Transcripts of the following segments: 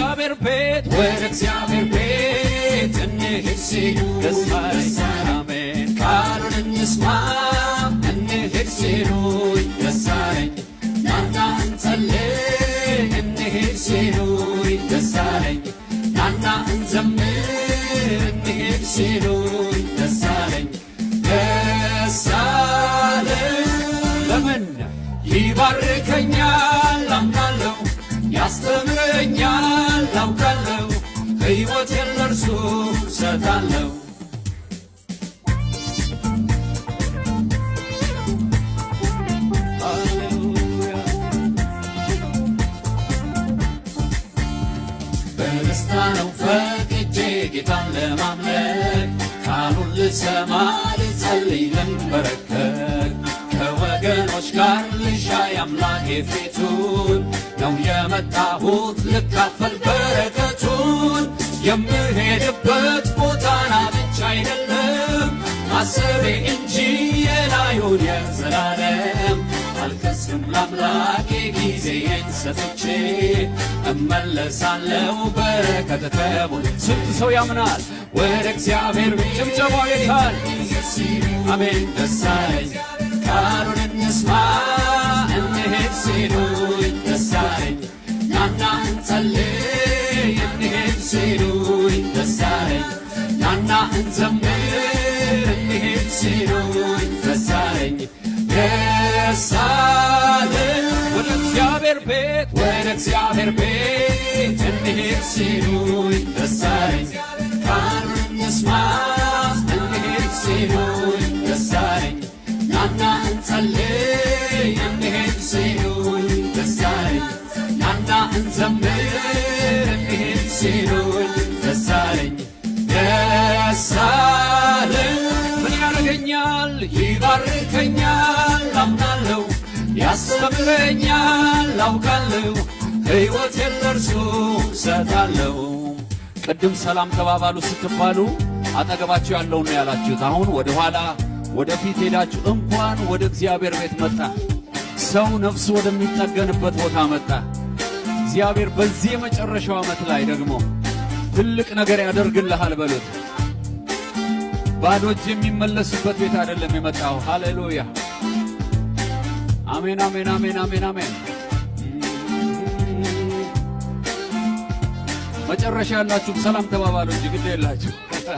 እግዚአብሔር ቤት ወደ እግዚአብሔር ቤት እንሂድ ሲሉ ደሳለኝ አሜን ቃሉን እንስማ ሲሉ ደሳለኝ ናና እንጸልይ እንሂድ ሲሉ ደሳለኝ ናና እንዘምር ሲሉ ደሳለኝ ደሳለኝ ለምን ይባርከኛል አምናለው ያስተምረኛል አውቃለው ሕይወቴን ለእርሱ ሰጣለው። በደስታ ነው ፈቅጄ ጌታን ለማምለክ ቃሉን ልሰማ ልጸልይ ልንበረከክ ከወገኖች ጋር ልሻይ አምላኬ ፊቱን ነው የመጣሁት ልካፈል የምሄድበት ቦታና ብቻ አይደለም ማሰቤ እንጂ የላዩን የዘላለም አልከስም ለአምላኬ ጊዜዬን ሰጥቼ እመለሳለው በረከት ተሞል ስንት ሰው ያምናል ወደ እግዚአብሔር ጭምጨባ የታል? አሜን ደሳይ ቃሉን እንስማ እንሄድ ሲሉኝ እንዘምር እንሄድ ሲሉኝ ፈሳኝ ደሳልን ወደ እግዚአብሔር ቤት ወደ እግዚአብሔር ቤት እንሄድ ሲሉኝ ደሳኝ ቃል እንስማ እንሄድ ሲሉኝ ደሳኝ ናና እንጸልይ እንሄድ ሲሉኝ ደሳኝ ናና እንዘምር እንሄድ ሲሉኝ ተነሳል። ምን ያደርገኛል? ይባርከኛል፣ አምናለሁ። ያስተምረኛል፣ አውቃለሁ። ሕይወቴን ለእርሱ ሰጣለሁ። ቅድም ሰላም ተባባሉ ስትባሉ አጠገባችሁ ያለውን ነው ያላችሁት። አሁን ወደ ኋላ ወደ ሄዳችሁ እንኳን ወደ እግዚአብሔር ቤት መጣ። ሰው ነፍሱ ወደሚጠገንበት ቦታ መጣ። እግዚአብሔር በዚህ የመጨረሻው ዓመት ላይ ደግሞ ትልቅ ነገር ያደርግልሃል በሉት። ባዶ እጅ የሚመለሱበት ቤት አይደለም የመጣው። ሃሌሉያ አሜን፣ አሜን፣ አሜን፣ አሜን፣ አሜን። መጨረሻ ያላችሁም ሰላም ተባባሉ እንጂ ግድ የላችሁ።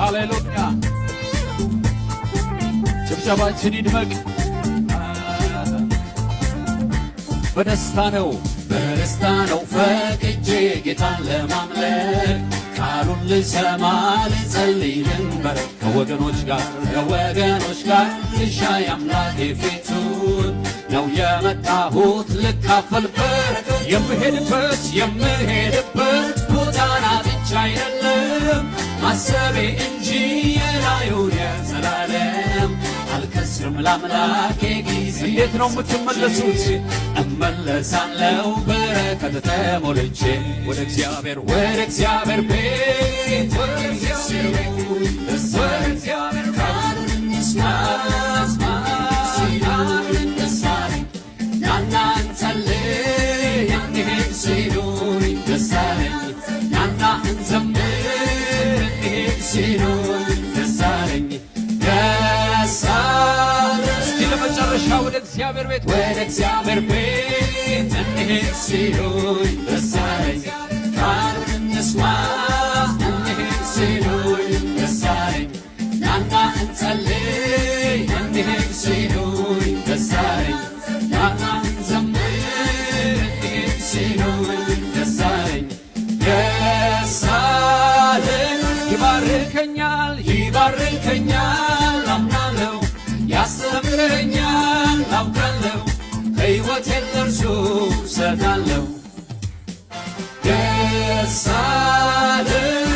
ሃሌሉያ ጭብጨባችን ይድመቅ። በደስታ ነው፣ በደስታ ነው ፈቅጄ ጌታን ለማመን ልሰማ ልጸልይ ልንበር ከወገኖች ጋር ከወገኖች ጋር ልሻይ አምላኬ ፊቱን ነው የመጣሁት ልካፈልበት የምሄድበት የምሄድበት ቦታና ብቻ አይደለም ማሰቤ እንጂ የላዩን የዘላለም አልከስርም ላምላኬ እንዴት ነው የምትመለሱት? እመለሳለው በረከት ተሞልቼ ወደ እግዚአብሔር ወደ እግዚአብሔር ቤት እግዚአብሔር ቤት ወደ እግዚአብሔር ቤት እንሄድ ሲሉኝ ደሳለኝ ቃሉን እንስማ እንሄድ ሲሉኝ ደሳለኝ ናና እንጸልይ እንሄድ ሲሉኝ ደሳለኝ ናና እንዘምር እንሄድ ሲሉኝ ደሳለኝ ደሳለኝ ይባርከኛል ይባርከኛል አምናለው ያስተምረኛል ሕይወቴን ለእርሱ ሰጣለሁ ደሳለ